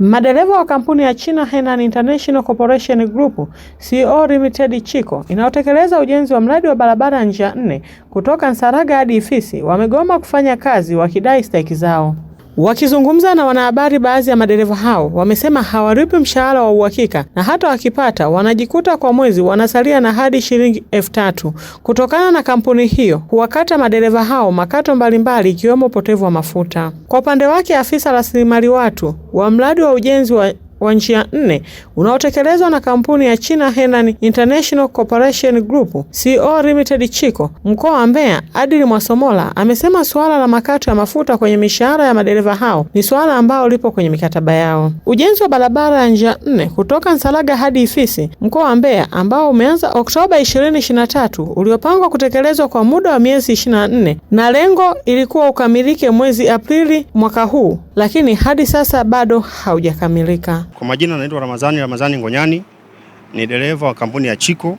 Madereva wa kampuni ya China Henan International Corporation Group Co e Limited Chico inayotekeleza ujenzi wa mradi wa barabara njia nne kutoka Nsalaga hadi Ifisi wamegoma kufanya kazi wakidai stahiki zao. Wakizungumza na wanahabari, baadhi ya madereva hao wamesema hawalipi mshahara wa uhakika na hata wakipata wanajikuta kwa mwezi wanasalia na hadi shilingi elfu tatu. Kutokana na kampuni hiyo huwakata madereva hao makato mbalimbali ikiwemo upotevu wa mafuta. Kwa upande wake, afisa rasilimali watu wa mradi wa ujenzi wa wa njia nne unaotekelezwa na kampuni ya China Henan International Corporation Group CO e Limited chiko mkoa wa Mbeya, Adili Mwasomola amesema suala la makato ya mafuta kwenye mishahara ya madereva hao ni suala ambalo lipo kwenye mikataba yao. Ujenzi wa barabara ya njia nne kutoka Nsalaga hadi Ifisi mkoa wa Mbeya ambao umeanza Oktoba 2023 uliopangwa kutekelezwa kwa muda wa miezi 24 na lengo ilikuwa ukamilike mwezi Aprili mwaka huu, lakini hadi sasa bado haujakamilika. Kwa majina naitwa Ramazani Ramazani Ngonyani, ni dereva wa kampuni ya chiko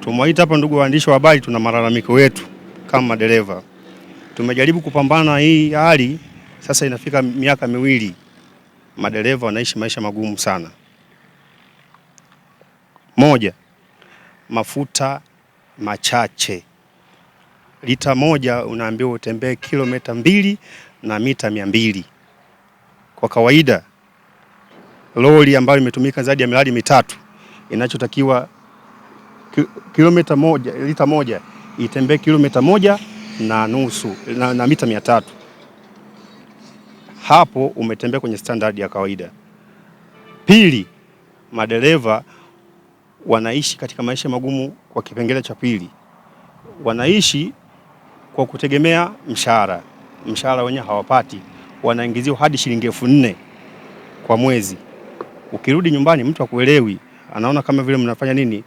Tumewaita hapa ndugu waandishi wa habari, tuna malalamiko yetu kama madereva. Tumejaribu kupambana na hii hali, sasa inafika miaka miwili, madereva wanaishi maisha magumu sana. Moja, mafuta machache, lita moja unaambiwa utembee kilomita mbili na mita mia mbili kwa kawaida lori ambayo imetumika zaidi ya miradi mitatu inachotakiwa kilomita moja, lita moja itembee kilomita moja na nusu na, na mita mia tatu. Hapo umetembea kwenye standard ya kawaida. Pili, madereva wanaishi katika maisha magumu. Kwa kipengele cha pili, wanaishi kwa kutegemea mshahara. Mshahara wenyewe hawapati, wanaingiziwa hadi shilingi elfu nne kwa mwezi. Ukirudi nyumbani mtu akuelewi, anaona kama vile mnafanya nini,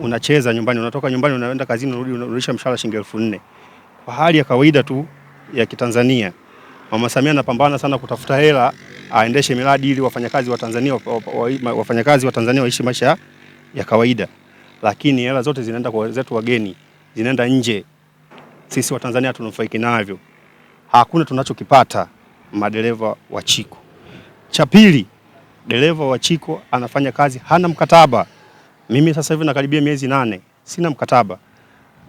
unacheza nyumbani, unatoka nyumbani unaenda kazini, unarudi unarudisha mshahara shilingi elfu nne kwa hali ya kawaida tu ya Kitanzania. Mama Samia anapambana sana kutafuta hela aendeshe miradi ili wafanyakazi wa Tanzania wafanyakazi wa Tanzania waishi maisha ya kawaida, lakini hela zote zinaenda kwa wenzetu wageni, zinaenda nje. Sisi Watanzania hatunufaiki navyo, hakuna tunachokipata madereva wa Chiku. Cha pili dereva wa Chico anafanya kazi, hana mkataba. Mimi sasa hivi nakaribia miezi nane sina mkataba,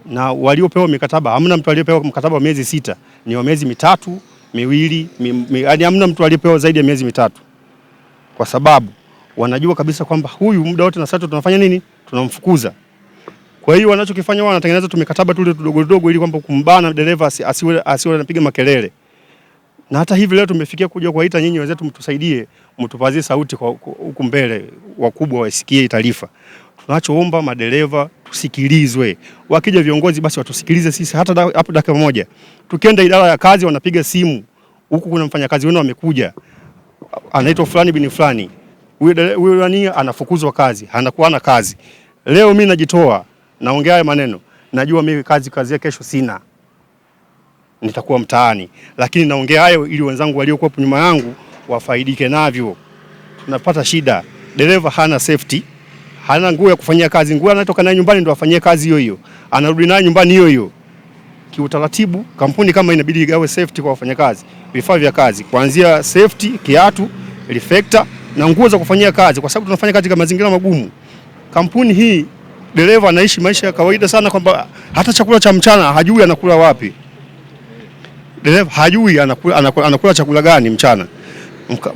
na waliopewa mikataba, hamna mtu aliyepewa mkataba wa miezi sita, ni wa miezi mitatu miwili, yaani hamna mtu aliyepewa zaidi ya miezi mitatu, kwa sababu wanajua kabisa kwamba huyu muda wote na sasa tunafanya nini? Tunamfukuza. Kwa hiyo wanachokifanya wao wanatengeneza tu mikataba tule tudogo tudogo, ili kwamba kumbana dereva asiwe asiwe anapiga makelele na hata hivi leo tumefikia kuja kuwaita nyinyi wenzetu mtusaidie, mtupazie sauti kwa huku mbele, wakubwa wasikie taarifa. Tunachoomba madereva tusikilizwe, wakija viongozi basi watusikilize sisi hata hapo dakika moja. Tukienda idara ya kazi, wanapiga simu, huku kuna mfanyakazi wenu amekuja, anaitwa fulani bin fulani, huyo nani anafukuzwa kazi, anakuwa na kazi leo. Mimi najitoa naongea haya maneno, najua mimi kazi kazi ya kesho sina nitakuwa mtaani, lakini naongea hayo ili wenzangu waliokuwa nyuma yangu wafaidike navyo. Tunapata shida, dereva hana safety, hana nguo ya kufanyia kazi. Nguo anatoka nayo nyumbani ndo afanyie kazi hiyo hiyo, anarudi nayo nyumbani hiyo hiyo. Kiutaratibu, kampuni kama inabidi igawe safety kwa wafanyakazi, vifaa vya kazi, kuanzia safety, kiatu, reflector na nguo za kufanyia kazi, kwa sababu tunafanya katika mazingira magumu. Kampuni hii dereva anaishi maisha ya kawaida sana, kwamba hata chakula cha mchana hajui anakula wapi dereva hajui anakula, anakula, anakula chakula gani mchana.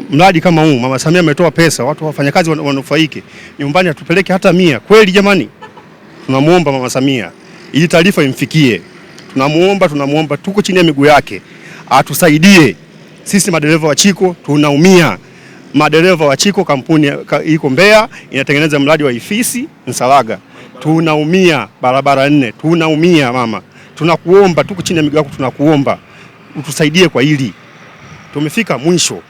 Mradi kama huu Mama Samia ametoa pesa, watu wafanyakazi wanufaike, nyumbani atupeleke hata mia. Kweli jamani, tunamuomba Mama Samia ili taarifa imfikie, tunamuomba, tunamuomba, tuko chini ya miguu yake, atusaidie sisi madereva wa Chiko tunaumia. Madereva wa Chiko kampuni iko Mbeya inatengeneza mradi wa Ifisi Nsalaga, tunaumia, barabara nne, tunaumia mama, tunakuomba, tuko chini ya miguu yako, tunakuomba utusaidie kwa hili, tumefika mwisho,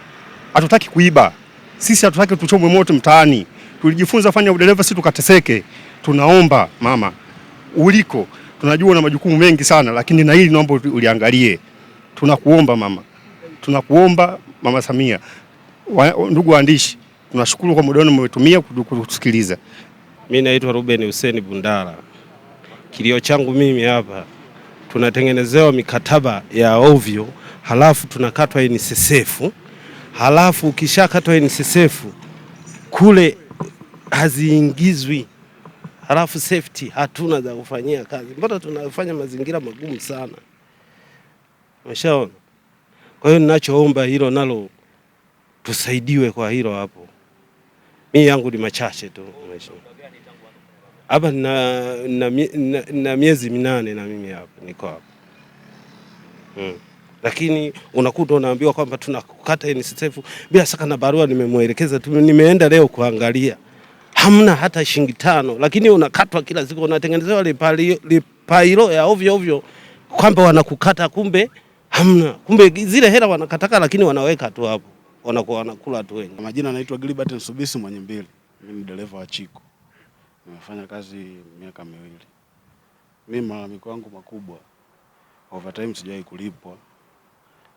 hatutaki kuiba sisi, hatutaki tuchomwe moto mtaani. Tulijifunza fanya udereva, si tukateseke. Tunaomba mama, uliko tunajua na majukumu mengi sana, lakini na hili naomba uliangalie. Tunakuomba mama, tunakuomba mama Samia. Wa, ndugu waandishi, tunashukuru kwa muda wenu mmetumia kutusikiliza. Mimi naitwa Ruben Hussein Bundara. Kilio changu mimi hapa tunatengenezewa mikataba ya ovyo, halafu tunakatwa NSSF, halafu ukishakatwa NSSF kule haziingizwi, halafu safety hatuna za kufanyia kazi. Mbona tunafanya mazingira magumu sana? Umeshaona? Kwa hiyo ninachoomba hilo nalo tusaidiwe kwa hilo hapo. Mimi yangu ni machache tu. Umeshaona? hapa na, na, na, na miezi minane na mimi hapa niko hapa hmm. Lakini unakuta unaambiwa kwamba tunakukata NSSF bila saka na barua. Nimemwelekeza tu, nimeenda leo kuangalia, hamna hata shilingi tano, lakini unakatwa kila siku, unatengenezewa lipailo ya ovyo ovyo kwamba wanakukata, kumbe hamna, kumbe zile hela wanakataka, lakini wanaweka tu hapo, wanakuwa wanakula tu wenyewe. Majina anaitwa Gilbert Nsubisi Mwenye Mbili, mimi ni dereva wa Chiko nimefanya kazi miaka miwili. Mimi malalamiko yangu makubwa, overtime sijawahi kulipwa.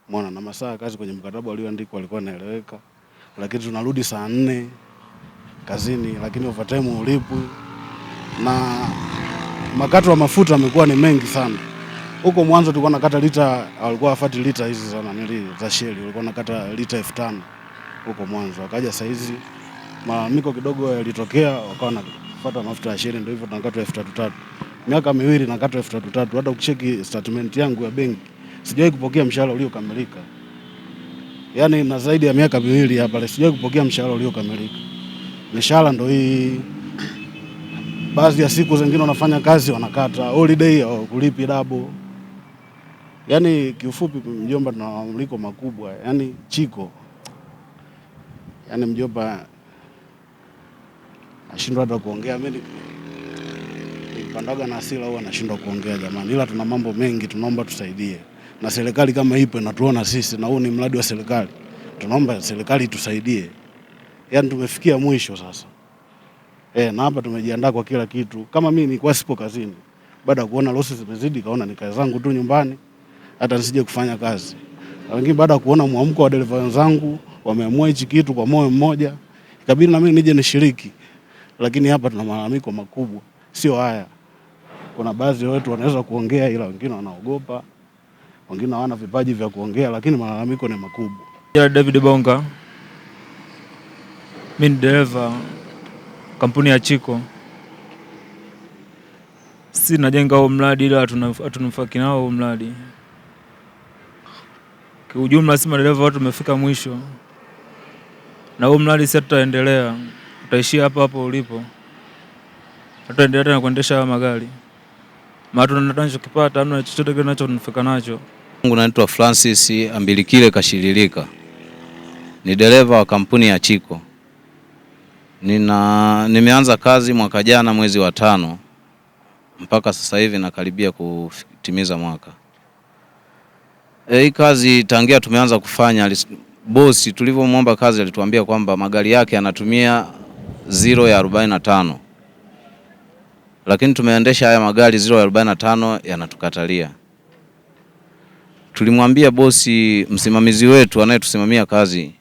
mwana, na masaa kazi kwenye mkataba ulioandikwa walikuwa naeleweka, lakini tunarudi saa nne kazini, lakini overtime ulipwi, na makato ya mafuta yamekuwa ni mengi sana. Huko mwanzo tulikuwa nakata lita, walikuwa wafuati lita hizi za nani za sheli, walikuwa nakata lita elfu tano huko mwanzo, akaja saizi malalamiko kidogo yalitokea, wakawa nafuata mafuta ya sheli, ndio hivyo tunakatwa elfu tatu tatu miaka miwili nakatwa elfu tatu tatu. Hata ukicheki statement yangu ya benki sijawahi kupokea mshahara uliokamilika, yani na zaidi ya miaka miwili hapa sijawahi kupokea mshahara uliokamilika. Mishahara ndio hii, baadhi ya siku zingine wanafanya kazi wanakata holiday au kulipi dabo. Yani kiufupi, mjomba, tuna mauliko makubwa, yani chiko, yani mjomba nashindwa hata kuongea mimi nikipandaga na hasira huwa nashindwa kuongea jamani, ila tuna mambo mengi, tunaomba tusaidie, na serikali kama ipo inatuona sisi, na huu ni mradi wa serikali, tunaomba serikali itusaidie. Yani tumefikia mwisho sasa e, na hapa tumejiandaa kwa kila kitu. Kama mimi nilikuwa sipo kazini, baada ya kuona losi zimezidi, kaona nikae zangu tu nyumbani, hata nisije kufanya kazi. Lakini baada ya kuona mwamko wa dereva wenzangu wameamua hichi kitu kwa moyo mmoja, ikabidi na mimi nije nishiriki lakini hapa tuna malalamiko makubwa, sio haya. Kuna baadhi wetu wanaweza kuongea, ila wengine wanaogopa, wengine hawana vipaji vya kuongea, lakini malalamiko ni makubwa. David Bonga, mi ni dereva kampuni ya Chiko. Si najenga huo mradi, ila hatunufaiki nao huo mradi. Kiujumla si madereva watu tumefika mwisho na huo mradi, si tutaendelea utaishia hapo hapo ulipo, hataendelea tena kuendesha haya magari, maana tunachokipata hamna chochote kile tunachonufaika nacho. Mungu naitwa Francis Ambilikile Kashirilika, ni dereva wa kampuni ya Chiko. Nina nimeanza kazi mwaka jana mwezi wa tano mpaka sasa hivi nakaribia kutimiza mwaka. E, hii kazi tangia tumeanza kufanya bosi tulivyomwomba kazi alituambia kwamba magari yake anatumia zero ya 45, lakini tumeendesha haya magari zero ya 45 yanatukatalia. Tulimwambia bosi msimamizi wetu anayetusimamia kazi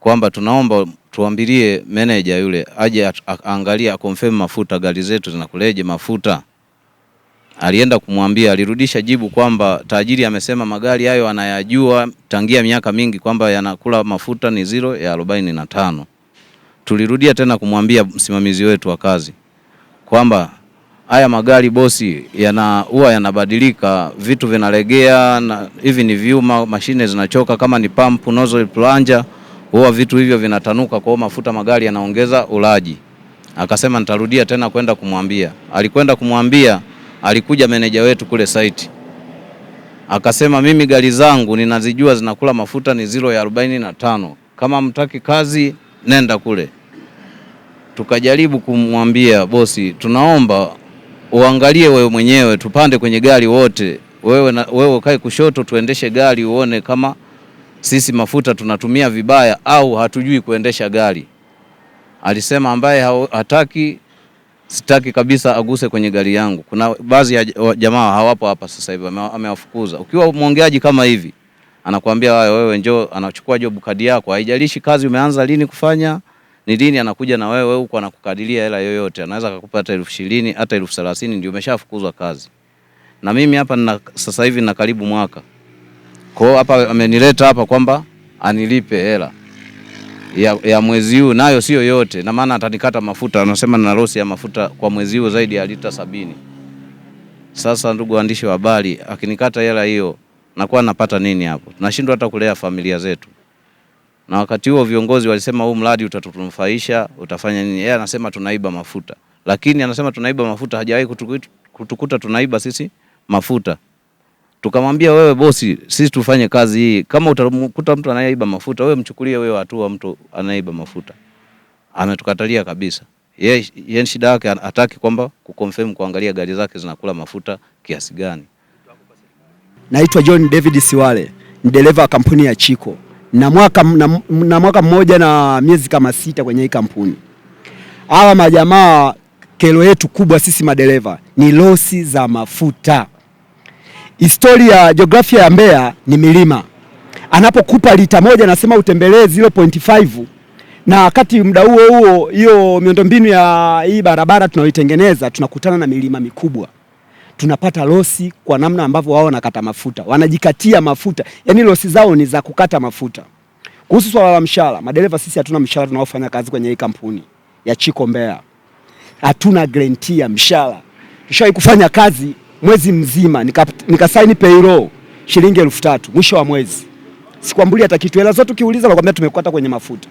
kwamba tunaomba tuambilie meneja yule aje aangalie akonfirm mafuta gari zetu zinakuleje mafuta. Alienda kumwambia, alirudisha jibu kwamba tajiri amesema magari hayo anayajua tangia miaka mingi kwamba yanakula mafuta ni zero ya arobaini na tano tulirudia tena kumwambia msimamizi wetu wa kazi kwamba haya magari bosi, yana huwa yanabadilika, vitu vinalegea, na hivi ni vyuma, mashine zinachoka, kama ni pump nozzle, plunger, huwa vitu hivyo vinatanuka, kwa mafuta magari yanaongeza ulaji. Akasema nitarudia tena kwenda kumwambia. Alikwenda kumwambia, alikuja meneja wetu kule site akasema, mimi gari zangu ninazijua zinakula mafuta ni zilo ya arobaini kama mtaki kazi nenda kule. Tukajaribu kumwambia bosi, tunaomba uangalie wewe mwenyewe, tupande kwenye gari wote, wewe na, wewe ukae kushoto, tuendeshe gari uone kama sisi mafuta tunatumia vibaya au hatujui kuendesha gari. Alisema ambaye hataki sitaki kabisa aguse kwenye gari yangu. Kuna baadhi ya jamaa hawapo hapa sasa hivi, amewafukuza. Ukiwa mwongeaji kama hivi anakuambia wewe wewe njoo, anachukua job kadi yako, haijalishi kazi umeanza lini kufanya ni dini anakuja na wewe huko, anakukadiria hela yoyote, anaweza akakupa hata elfu ishirini hata elfu thelathini ndio umeshafukuzwa kazi. Na mimi hapa nina sasa hivi na karibu mwaka, kwa hiyo hapa amenileta hapa kwamba anilipe hela ya, ya mwezi huu nayo sio yote, na maana atanikata mafuta, anasema na losi ya mafuta kwa mwezi huu zaidi ya lita sabini. Sasa ndugu waandishi wa habari, akinikata hela hiyo nakuwa napata nini hapo? Tunashindwa hata kulea familia zetu. Na wakati huo viongozi walisema huu mradi utatunufaisha, utafanya nini? Yeye anasema tunaiba mafuta, lakini anasema tunaiba mafuta, hajawahi kutukuta, tunaiba sisi mafuta. Tukamwambia wewe bosi, sisi tufanye kazi hii, kama utamkuta mtu anayeiba mafuta, wewe mchukulie wewe hatua mtu anayeiba mafuta. Ametukatalia kabisa. Yeye shida yake hataki kwamba kuconfirm kuangalia gari zake zinakula mafuta kiasi gani naitwa John David Siwale, ni dereva wa kampuni ya Chico na mwaka, na, na mwaka mmoja na miezi kama sita kwenye hii kampuni. Hawa majamaa kero yetu kubwa sisi madereva ni losi za mafuta. Historia, jiografia ya Mbeya ni milima. Anapokupa lita moja nasema utembelee 0.5 na wakati muda huo huo hiyo miundombinu ya hii barabara tunaoitengeneza tunakutana na milima mikubwa tunapata losi kwa namna ambavyo wao wanakata mafuta, wanajikatia mafuta, yani losi zao ni za kukata mafuta. Kuhusu swala la mshahara, madereva sisi hatuna mshahara tunaofanya kazi kwenye hii kampuni ya Chiko Mbeya, hatuna garanti ya mshahara. Tushawahi kufanya kazi mwezi mzima nikasaini nika payroll shilingi elfu tatu mwisho wa mwezi, sikwambuli hata kitu. Hela zote ukiuliza nakwambia tumekata kwenye mafuta.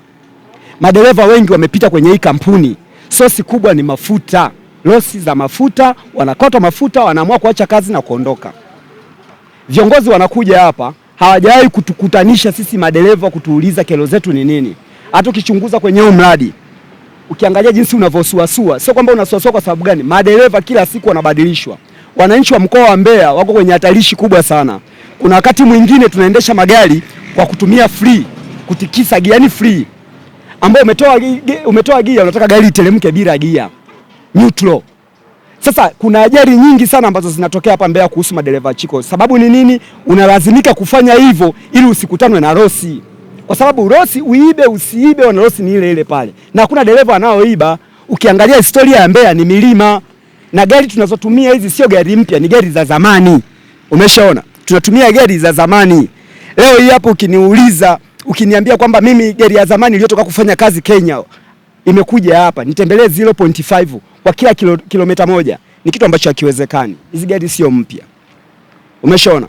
Madereva wengi wamepita kwenye hii kampuni, sosi kubwa ni mafuta losi za mafuta, wanakatwa mafuta, wanaamua kuacha kazi na kuondoka. Viongozi wanakuja hapa, hawajawahi kutukutanisha sisi madereva kutuuliza kero zetu ni nini. Hata ukichunguza kwenye huu mradi ukiangalia jinsi unavyosuasua, sio kwamba unasuasua kwa sababu gani, madereva kila siku wanabadilishwa. Wananchi wa mkoa wa Mbeya wako kwenye hatarishi kubwa sana. Kuna wakati mwingine tunaendesha magari kwa kutumia free, kutikisa gia, yani free, ambao umetoa gia, unataka gari iteremke bila gia neutral. Sasa kuna ajali nyingi sana ambazo zinatokea hapa Mbeya kuhusu madereva chiko. Sababu ni nini? Unalazimika kufanya hivyo ili usikutanwe na rosi, kwa sababu rosi uibe usiibe, wana rosi ni ile ile pale, na hakuna dereva anaoiba. Ukiangalia historia ya Mbeya ni milima, na gari tunazotumia hizi sio gari mpya, ni gari za zamani. Umeshaona, tunatumia gari za zamani. Leo hii hapo ukiniuliza, ukiniambia kwamba mimi gari ya zamani iliyotoka kufanya kazi Kenya imekuja hapa nitembelee 0.5 kwa kila kilo, kilomita moja ni kitu ambacho hakiwezekani. Hizi gari sio mpya, umeshaona.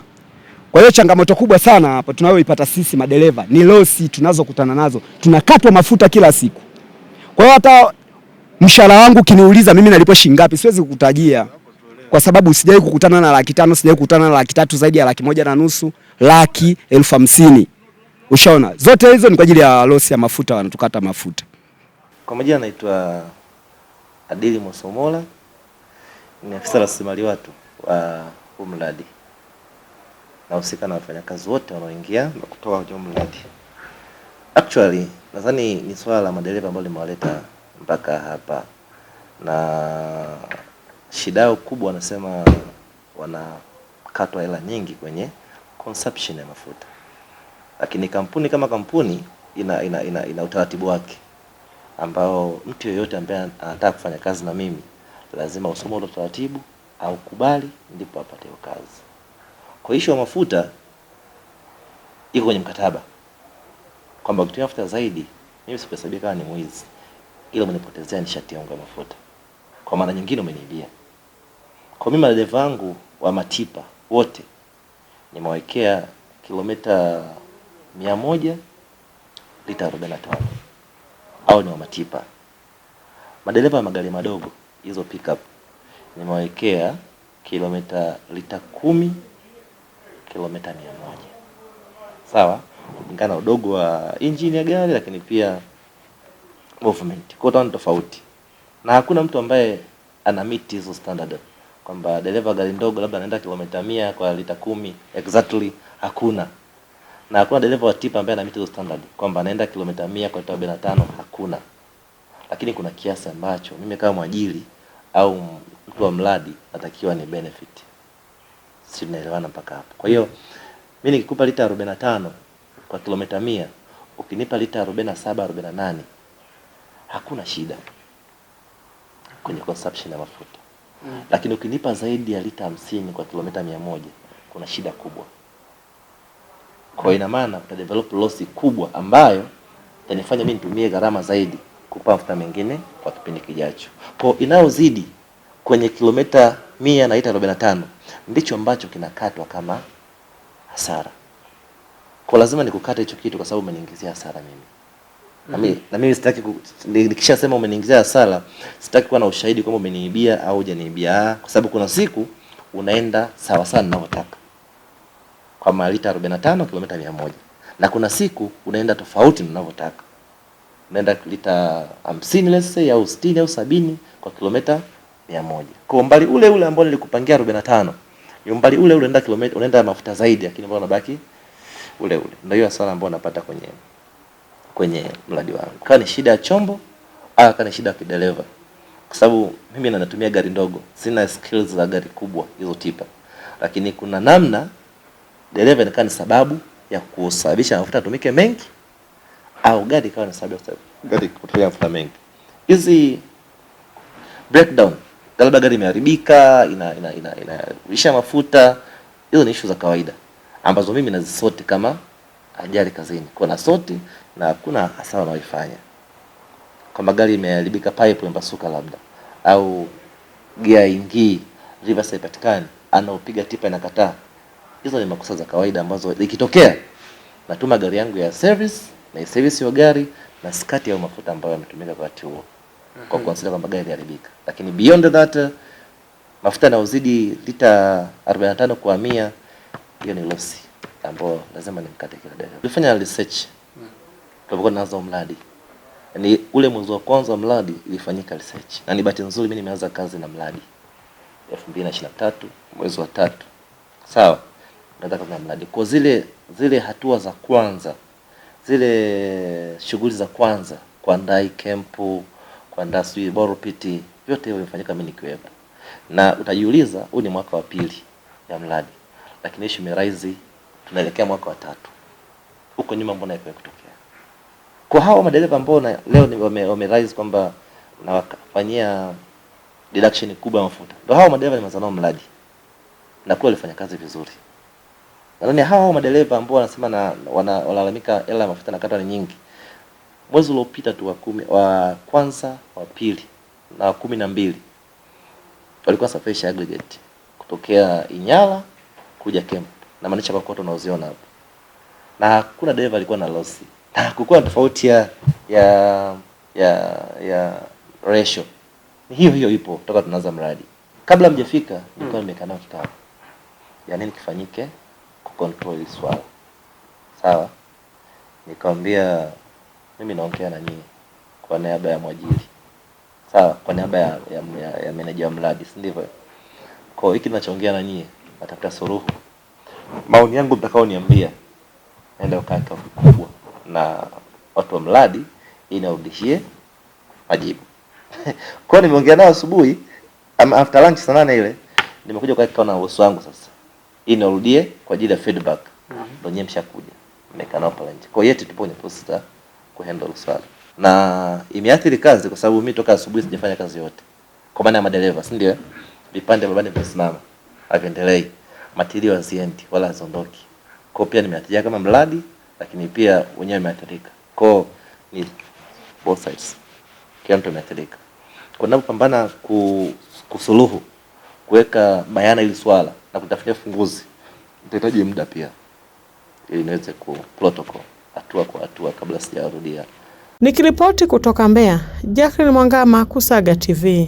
Kwa hiyo changamoto kubwa sana hapo tunayoipata sisi madereva ni losi tunazokutana nazo, tunakatwa mafuta kila siku. Kwa hiyo hata mshahara wangu kiniuliza mimi nalipo shilingi ngapi, siwezi kukutajia kwa sababu sijawahi kukutana na laki tano, sijawahi kukutana na laki tatu, zaidi ya laki moja na nusu, laki elfu hamsini. Ushaona, zote hizo ni kwa ajili ya losi ya mafuta, wanatukata mafuta. Kwa majina naitwa Adili Mwasomola ni afisa rasilimali watu wa huu mradi, nahusika na wafanyakazi wote wanaoingia na kutoka kwenye mradi. Actually nadhani ni swala la madereva ambayo limewaleta mpaka hapa, na shida yao kubwa wanasema wanakatwa hela nyingi kwenye consumption ya mafuta, lakini kampuni kama kampuni ina, ina, ina, ina utaratibu wake ambao mtu yeyote ambaye anataka kufanya kazi na mimi lazima usome ule utaratibu au kubali, ndipo apate hiyo kazi. Kwa ishu ya mafuta iko kwenye mkataba kwamba ukitumia mafuta zaidi, mimi sikuhesabia kama ni mwizi, ila umenipotezea nishati yangu ya mafuta, kwa maana nyingine umeniibia. Kwa mimi madereva wangu wa matipa wote nimewekea kilomita mia moja lita arobaini na tano au ni wa matipa. Madereva ya magari madogo hizo pickup nimewawekea kilomita lita kumi kilomita mia moja sawa, kulingana na udogo wa injini ya gari, lakini pia movement kwa utaona tofauti, na hakuna mtu ambaye ana meet hizo standard kwamba dereva gari ndogo labda anaenda kilomita mia kwa lita kumi exactly, hakuna na hakuna dereva wa tipa ambaye anamiti hizo standard kwamba anaenda kilomita 100 kwa arobaini na tano hakuna. Lakini kuna kiasi ambacho mimi kama mwajiri au mtu wa mradi natakiwa ni benefit. Si tunaelewana mpaka hapo? Kwa hiyo mimi nikikupa lita 45 kwa kilomita 100, ukinipa lita 47 48, hakuna shida kwenye consumption ya mafuta. Mm. Lakini ukinipa zaidi ya lita 50 kwa kilomita 100, kuna shida kubwa. Kwa ina maana develop loss kubwa ambayo itanifanya mimi nitumie gharama zaidi kupa mafuta mengine kwa kipindi kijacho. Kwa inayozidi kwenye kilomita mia na lita ndicho ambacho kinakatwa kama hasara. Kwa lazima nikukate hicho kitu kwa sababu umeniingizia hasara mimi. Na mimi, mm-hmm. na mimi sitaki nikishasema umeniingizia hasara, sitaki kuwa na ushahidi kwamba umeniibia au hujaniibia, kwa sababu kuna siku unaenda sawa sawa ninavyotaka kwa malita 45 kilomita 100, na kuna siku unaenda tofauti na unavyotaka, unaenda lita 50 let's say au 60 au 70 kwa kilomita 100. Kwa umbali ule ule ambao nilikupangia 45, ni umbali ule ule unaenda kilomita, unaenda mafuta zaidi, lakini ambao unabaki ule ule. Ndio hiyo hasara ambayo napata kwenye kwenye mradi wangu, Kwa ni shida ya chombo au kwa ni shida ya kidereva, kwa sababu mimi na natumia gari ndogo, sina skills za gari kubwa hizo tipa, lakini kuna namna dereva inakaa ni sababu ya kusababisha mafuta yatumike mengi au gari ikawa ni sababu ya gari kutumia mafuta mengi. Hizi breakdown, labda gari imeharibika, ina ina ina, inaisha mafuta, hizo ni issue za kawaida ambazo mimi nazisoti kama ajali kazini. Kwa na soti na hakuna hasara naifanya. Kama gari imeharibika, pipe imepasuka labda au gia ingii, reverse haipatikani, anaopiga tipa inakataa. Hizo ni makosa za kawaida ambazo ikitokea natuma gari yangu ya service na service ya gari na skati au mafuta ambayo yametumika kwa wakati huo, kwa mhm. kuanzia kwamba gari haribika. Lakini beyond that, mafuta yanayozidi lita 45 kwa 100 hiyo ni losi ambayo lazima nimkate kila dereva. Tulifanya research mhm. tulipokuwa nazo mradi, ni ule mwezi wa kwanza wa mradi ilifanyika research, na ni bahati nzuri mimi nimeanza kazi na mradi 2023 mwezi wa tatu, sawa unaweza kuanza mradi. Kwa zile zile hatua za kwanza, zile shughuli za kwanza, kuandaa kempu, kuandaa sijui boro piti, vyote hivyo vimefanyika mimi nikiwepo, na utajiuliza huu ni mwaka wa pili ya mradi, lakini issue imeraizi, tunaelekea mwaka wa tatu. Huko nyuma mbona haikuwahi kutokea? Kwa hao madereva ambao leo ni wame, wamerise kwamba na wakafanyia deduction kubwa ya mafuta, ndio hao madereva ni mazanao mradi na kwa walifanya kazi vizuri. Yaani hawa hao madereva ambao wanasema na wanalalamika hela ya mafuta inakatwa ni nyingi. Mwezi uliopita tu wa kumi, wa kwanza, wa pili na wa kumi na mbili walikuwa safirisha aggregate kutokea Inyala kuja camp na maanisha kwa kote unaoziona hapo, na hakuna dereva alikuwa na loss, na hakukuwa tofauti ya ya ya ya ratio. Ni hiyo hiyo ipo toka tunaanza mradi, kabla mjafika nilikuwa nimekaa nao kikao ya yaani nini kifanyike kucontrol hili swala sawa. Nikamwambia mimi naongea na nyinyi kwa niaba ya mwajiri sawa, kwa niaba ya, ya, ya, ya meneja wa mradi, si ndivyo? Kwa hiki ninachoongea na nyinyi, natafuta suluhu. Maoni yangu mtakaoniambia, naenda kukaa kikao kikubwa na watu wa mradi ili narudishie majibu. Kwa nimeongea nao asubuhi after lunch saa nane ile nimekuja kukaa kikao na bosi wangu sasa ili narudie kwa ajili ya feedback ndio mm -hmm. Ndio nyie mshakuja mmekaa nao pale nje, kwa hiyo yetu tupo kwenye posta ku handle swala na imeathiri kazi, kwa sababu mimi toka asubuhi sijafanya kazi yote, kwa maana ya madereva, si ndio? Eh? Vipande barabara vimesimama, haviendelei, matirio haziendi wala haziondoki. Kwa pia nimeathirika kama mradi, lakini pia wenyewe nimeathirika, kwa ni both sides, kila mtu ameathirika. Kwa ninapopambana kusuluhu kuweka bayana hili swala na kutafutia funguzi itahitaji muda pia, ili niweze ku protocol hatua kwa hatua kabla sijarudia. Nikiripoti kutoka Mbeya, Jacqueline Mwangama, Kusaga TV.